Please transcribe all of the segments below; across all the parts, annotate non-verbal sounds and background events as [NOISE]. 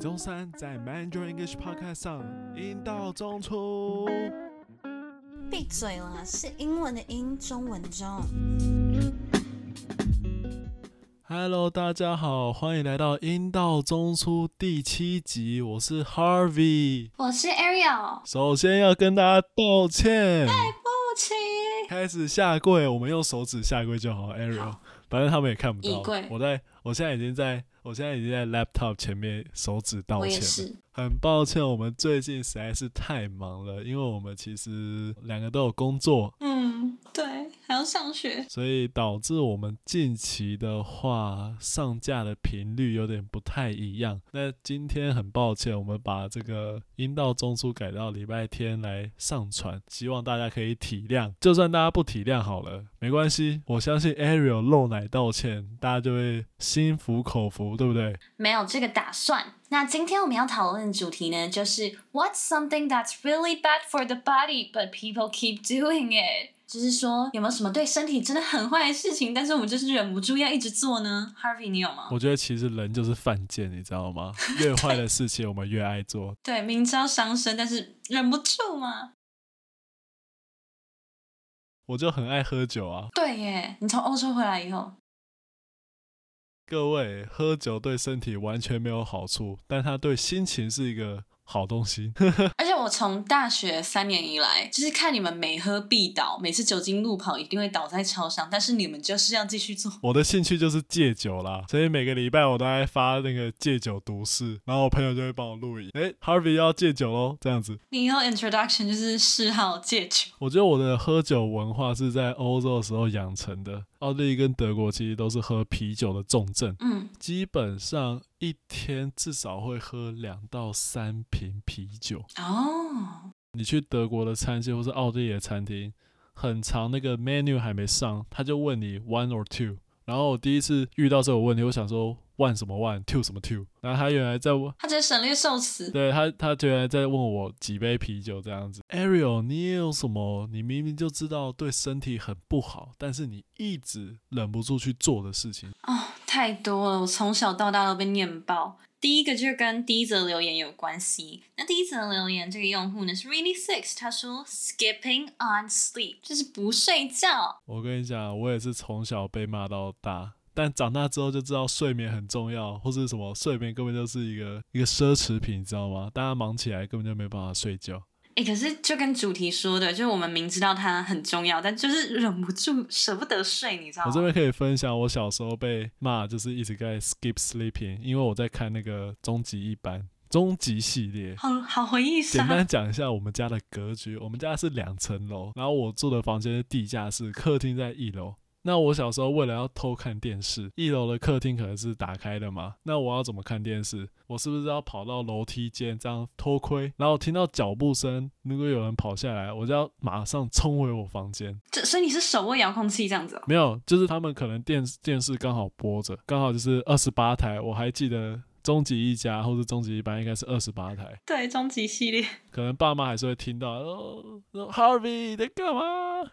中山在 Mandarin English Podcast 上“英道中出”，閉嘴了，是英文的“英”，中文的“中”。Hello，大家好，歡迎來到“英道中出”第七集，我是 Harvey，我是 Ariel，首先要跟大家道歉，對不起。開始下跪，我們用手指下跪就好。Ariel，好反正他們也看不到。櫃我在我現在已經在我現在已經在 laptop 前面手指道歉了。我也是，很抱歉，我們最近實在是太忙了，因為我們其實兩個都有工作。嗯，對。上學，所以導致我們近期的話上架的頻率有點不太一樣。那今天很抱歉，我們把這個道英 Two 說改到禮拜天來上傳，希望大家可以體諒。就算大家不體諒，好了。沒關係，我相信 Ariel 露奶道歉，大家就會心服口服，對不對？沒有這個打算。那今天我們要討論的主題呢，就是 What's something that's really bad for the body but people keep doing it？就是說，有沒有什麼對身體真的很壞的事情，但是我們就是忍不住要一直做呢？Harvey，你有嗎？我覺得其實人就是犯賤，你知道嗎？越壞的事情我們越愛做。 [LAUGHS] 對，明知道傷身，但是忍不住嘛。我就很愛喝酒啊！對耶，你從歐洲回來以後，各位喝酒對身體完全沒有好處，但它對心情是一個好東西。 [LAUGHS] 而且我從大學三年以來，就是看你們每喝必倒，每次酒精路跑一定會倒在操場。但是，你們就是要繼續做。我的興趣就是戒酒啦，所以每個禮拜我都在發那個戒酒毒誓，然後我朋友就會幫我錄影。哎，Harvey 要戒酒嘍，這樣子。你以後 introduction 就是嗜好戒酒。我覺得我的喝酒文化是在歐洲的時候養成的，奧地利跟德國其實都是喝啤酒的重鎮，嗯，基本上一天至少會喝兩到三瓶啤酒。哦你去德國的餐廳或是奧地利的餐廳，很常那個 menu 還沒上，他就問你 one or two。然後我第一次遇到這種問題，我想說 one 什麼 one，two 什麼 two。然後他原來在問，他直接省略受詞。對，他，他居然在問我幾杯啤酒這樣子。Ariel，你也有什麼？你明明就知道對身體很不好，但是你一直忍不住去做的事情？哦，太多了，我從小到大都被念爆。第一個就跟第一則留言有關係。那第一則留言這個用戶呢，是 Rini 先生，他說 Skipping on sleep 就是不睡覺。我跟你講，我也是從小被罵到大，但長大之後就知道睡眠很重要，或是什麼睡眠根本就是一個一個奢侈品，你知道嗎？大家忙起來根本就沒辦法睡覺。哎、欸，可是就跟主題說的，就是我們明知道它很重要，但就是忍不住舍不得睡，你知道嗎？我這邊可以分享我小時候被罵，就是一直在 skip sleeping，因為我在看那個終極一班、終極系列，好好回憶一下。簡單講一下我們家的格局，我們家是兩層樓，然後我住的房間是地下室，客廳在一樓。那我小時候為了要偷看電視，一樓的客廳可能是打開的嘛？那我要怎麼看電視？我是不是要跑到樓梯間這樣偷窺？然後聽到腳步聲，如果有人跑下來，我就要馬上衝回我房間。這所以你是手握遙控器這樣子、哦？沒有，就是他們可能電視電視剛好播着，剛好就是二十八台。我還記得終極一家或者終極一班應該是二十八台。對，終極系列可能爸媽還是會聽到，哦。後 Harvey 你在幹嘛？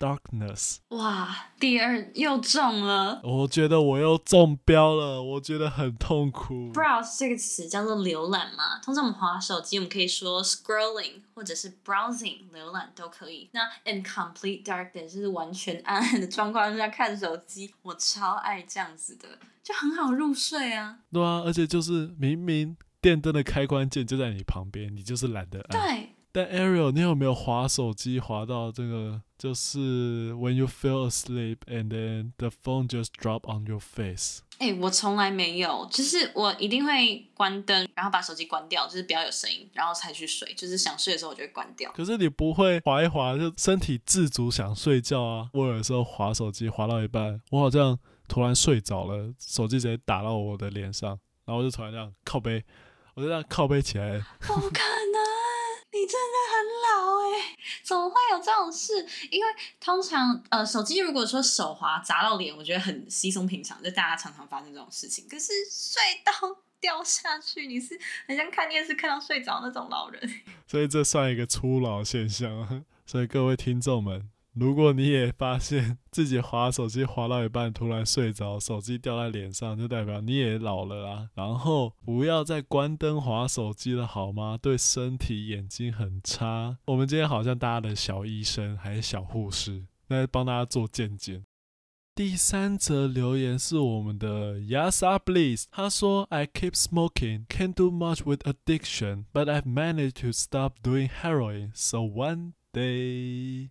Darkness，哇，第二又中了。我覺得我又中標了，我覺得很痛苦。Browse 這個詞叫做瀏覽嘛，通常我們滑手機，我們可以說 scrolling 或者是 browsing，瀏覽都可以。那 in complete darkness 就是完全暗的狀況下看手機，我超愛這樣子的，就很好入睡啊。對啊，而且就是明明電燈的開關鍵就在你旁邊，你就是懶得按。對。但 Ariel，你有沒有滑手機滑到這個？就是 When you fall asleep and then the phone just drop on your face。哎、欸，我從來沒有，就是我一定會關燈，然後把手機關掉，就是不要有聲音，然後才去睡。就是想睡的時候，我就會關掉。可是你不會滑一滑就身體自主想睡覺啊？我有時候滑手機滑到一半，我好像突然睡着了，手機直接打到我的臉上，然後我就突然這樣靠背，我就這樣靠背起來。 [LAUGHS] 你真的很老哎、欸，怎麼會有這種事？因為通常呃，手機如果說手滑砸到臉，我覺得很稀鬆平常，就大家常常發生這種事情。可是睡到掉下去，你是很像看電視看到睡着那種老人，所以這算一個初老現象。所以各位聽眾們。如果你也發現自己滑手機滑到一半突然睡着，手機掉在臉上，就代表你也老了啦。然後不要再關燈滑手機了，好嗎？對身體眼睛很差。我們今天好像大家的小醫生還是小護士來幫大家做健檢。第三則留言是我們的 Yasyabli，他說：“I keep smoking, can't do much with addiction, but I've managed to stop doing heroin. So one day.”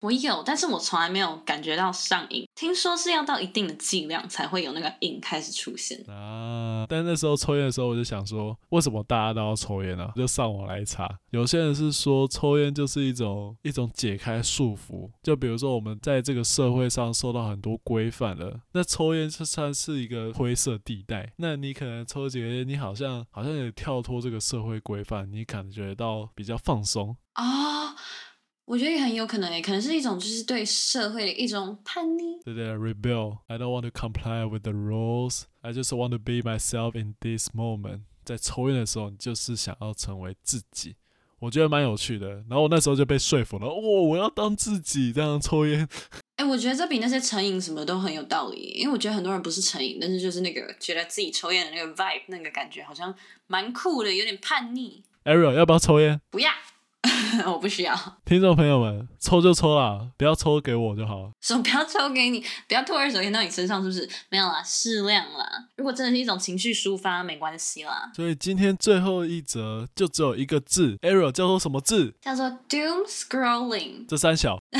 我有，但是我從來沒有感覺到上癮。聽說是要到一定的劑量才會有那個癮開始出現啊。但那時候抽煙的時候，我就想說，為什麼大家都要抽煙啊？就上網來查，有些人是說抽煙就是一種一種解開束縛。就比如說我們在這個社會上受到很多規範了，那抽煙就算是一個灰色地帶。那你可能抽幾根煙，你好像好像也跳脫這個社會規範，你感覺到比較放鬆啊。哦我覺得也很有可能誒、欸，可能是一種就是對社會的一種叛逆。對對，rebel, I don't want to comply with the rules. I just want to be myself in this moment。在抽煙的時候，你就是想要成為自己。我覺得蠻有趣的。然後我那時候就被說服了，哦，我要當自己這樣抽煙。哎、欸，我覺得這比那些成癮什麼都很有道理，因為我覺得很多人不是成癮，但是就是那個覺得自己抽煙的那個 vibe，那個感覺好像蠻酷的，有點叛逆。Ariel，要不要抽煙？不要。 [LAUGHS] 我不需要，聽眾朋友們，抽就抽啦，不要抽給我就好了。什麼不要抽給你，不要吐二手煙到你身上，是不是？沒有啦，適量啦。如果真的是一種情緒抒發，沒關係啦。所以今天最後一則就只有一個字，error，叫做什麼字？叫做 doom scrolling。Sc 這三小。 [LAUGHS]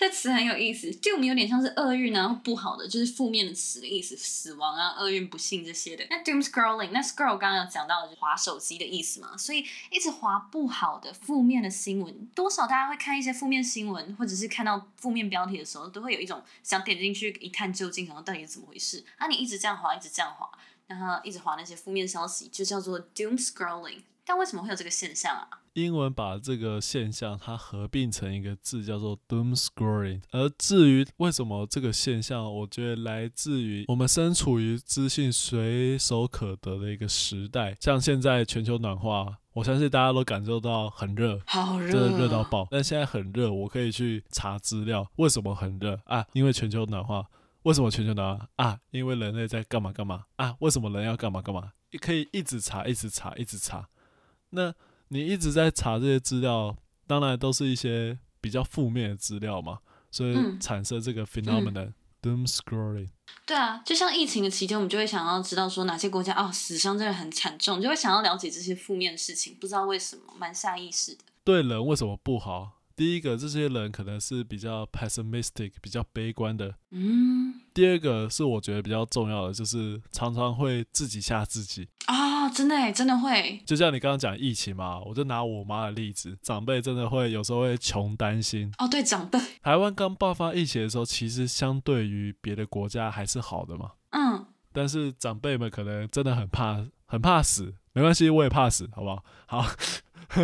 這詞很有意思，doom 有點像是厄運啊，不好的，就是負面的詞的意思，死亡啊，厄運、不幸這些的。那 doom scrolling，那 scroll 剛剛有講到的就是滑手機的意思嘛，所以一直滑不好的負面的新聞，多少大家會看一些負面新聞，或者是看到負面標題的時候，都會有一種想點進去一探究竟，然後到底是怎麼回事。啊，你一直這樣滑，一直這樣滑，然後一直滑那些負面消息，就叫做 doom scrolling。Sc 但為什麼會有這個現象啊？英文把這個現象它合併成一個字，叫做 Doomscrolling。而至於為什麼這個現象，我覺得來自於我們身處於資訊隨手可得的一個時代。像現在全球暖化，我相信大家都感受到很熱，好熱、哦，真的熱到爆。但現在很熱，我可以去查資料，為什麼很熱啊？因為全球暖化。為什麼全球暖化啊？因為人類在幹嘛幹嘛啊？為什麼人要幹嘛幹嘛？你可以一直查，一直查，一直查。那你一直在查這些資料，當然都是一些比較負面的資料嘛，所以、嗯、產生這個 phenomenon、嗯、Doom scrolling。對啊，就像疫情的期間，我們就會想要知道說哪些國家啊、哦、死傷真的很慘重，就會想要了解這些負面的事情，不知道為什麼蠻下意識的。對人為什麼不好？第一個，這些人可能是比較 pessimistic，比較悲觀的。嗯。第二個是我覺得比較重要的，就是常常會自己嚇自己。啊。哦、真的，真的會，就像你剛剛講疫情嘛，我就拿我媽的例子，長輩真的會有時候會窮擔心哦。對，長輩，台灣剛爆發疫情的時候，其實相對於別的國家還是好的嘛。嗯，但是長輩們可能真的很怕，很怕死。沒關係，我也怕死，好不好？好，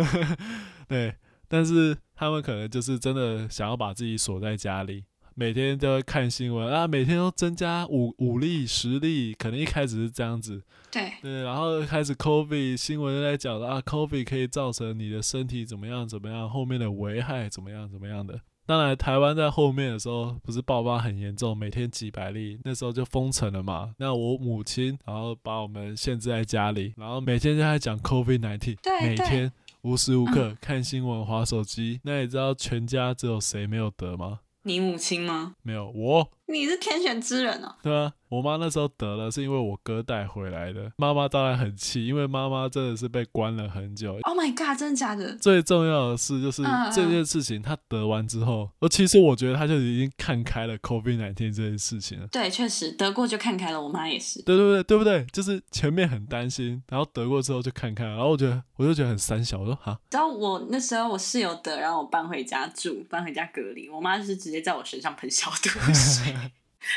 [LAUGHS] 對，但是他們可能就是真的想要把自己鎖在家裡。每天都看新聞啊，每天都增加五五例十例，可能一開始是這樣子，對，對，然後開始 COVID 新聞就在講啊，COVID 可以造成你的身體怎麼樣怎麼樣，後面的危害怎麼樣怎麼樣的。當然，台灣在後面的時候不是爆發很嚴重，每天幾百例，那時候就封城了嘛。那我母親，然後把我們限制在家裡，然後每天就在講 COVID-19 每天無時無刻、嗯、看新聞、滑手機。那你知道全家只有誰沒有得嗎？你母親嗎？沒有，我。你是天選之人哦、喔！對啊，我媽那時候得了，是因為我哥帶回來的。媽媽當然很氣，因為媽媽真的是被關了很久。Oh my god，真的假的？最重要的是，就是啊啊啊這件事情，她得完之後，我其實我覺得她就已經看開了 COVID 19這件事情了。對，確實得過就看開了。我媽也是。對對對對，不對？就是前面很擔心，然後得過之後就看開了，然後我覺得我就覺得很三小，我說蛤。然後我那時候我室友得，然後我搬回家住，搬回家隔離。我媽就是直接在我身上噴消毒水。 [LAUGHS]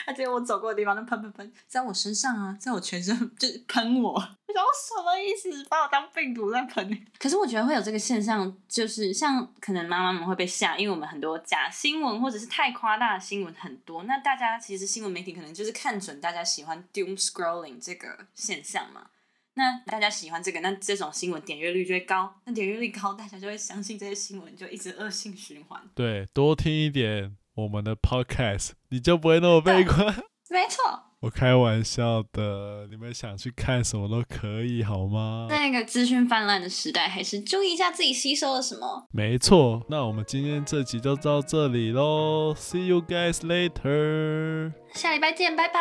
而且、啊、我走過的地方都噴噴噴，在我身上啊，在我全身就噴、是、我。我想我什麼意思？把我當病毒在噴？可是我覺得會有這個現象，就是像可能媽媽們會被嚇，因為我們很多假新聞或者是太誇大的新聞很多。那大家其實新聞媒體可能就是看準大家喜歡 Doomscrolling 這個現象嘛。那大家喜歡這個，那這種新聞點閱率就會高。那點閱率高，大家就會相信這些新聞，就一直惡性循環。對，多聽一點。我們的 podcast，你就不會那麼悲觀？沒錯，我開玩笑的，你們想去看什麼都可以，好嗎？在那個資訊泛濫的時代，還是注意一下自己吸收了什麼。沒錯，那我們今天這集就到這裡嘍，See you guys later，下禮拜見，拜拜。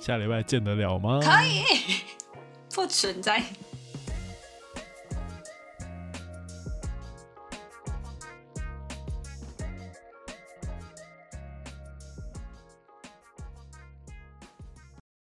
下禮拜見得了嗎？可以，不存在。